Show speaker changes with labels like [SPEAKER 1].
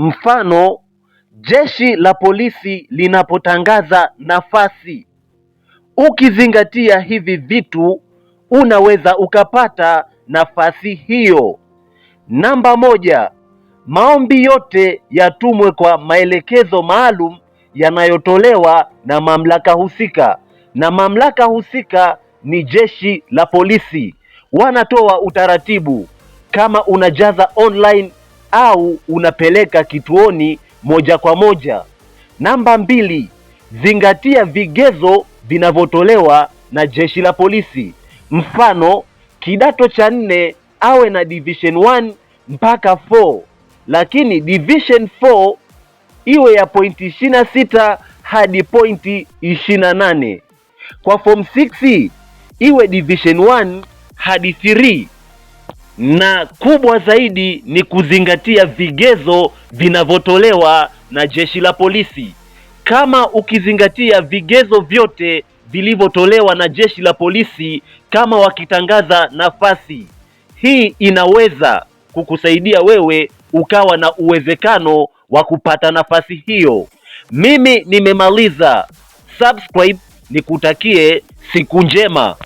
[SPEAKER 1] Mfano, jeshi la polisi linapotangaza nafasi. Ukizingatia hivi vitu, unaweza ukapata nafasi hiyo. Namba moja, maombi yote yatumwe kwa maelekezo maalum yanayotolewa na mamlaka husika, na mamlaka husika ni jeshi la polisi. Wanatoa utaratibu. Kama unajaza online au unapeleka kituoni moja kwa moja. Namba mbili, zingatia vigezo vinavyotolewa na Jeshi la Polisi. Mfano, kidato cha nne awe na division 1 mpaka 4, lakini division 4 iwe ya pointi 26 sita hadi pointi 28 nane. Kwa form 6 iwe division 1 hadi na kubwa zaidi ni kuzingatia vigezo vinavyotolewa na jeshi la polisi. Kama ukizingatia vigezo vyote vilivyotolewa na jeshi la polisi, kama wakitangaza nafasi hii, inaweza kukusaidia wewe ukawa na uwezekano wa kupata nafasi hiyo. Mimi nimemaliza. Subscribe, nikutakie siku njema.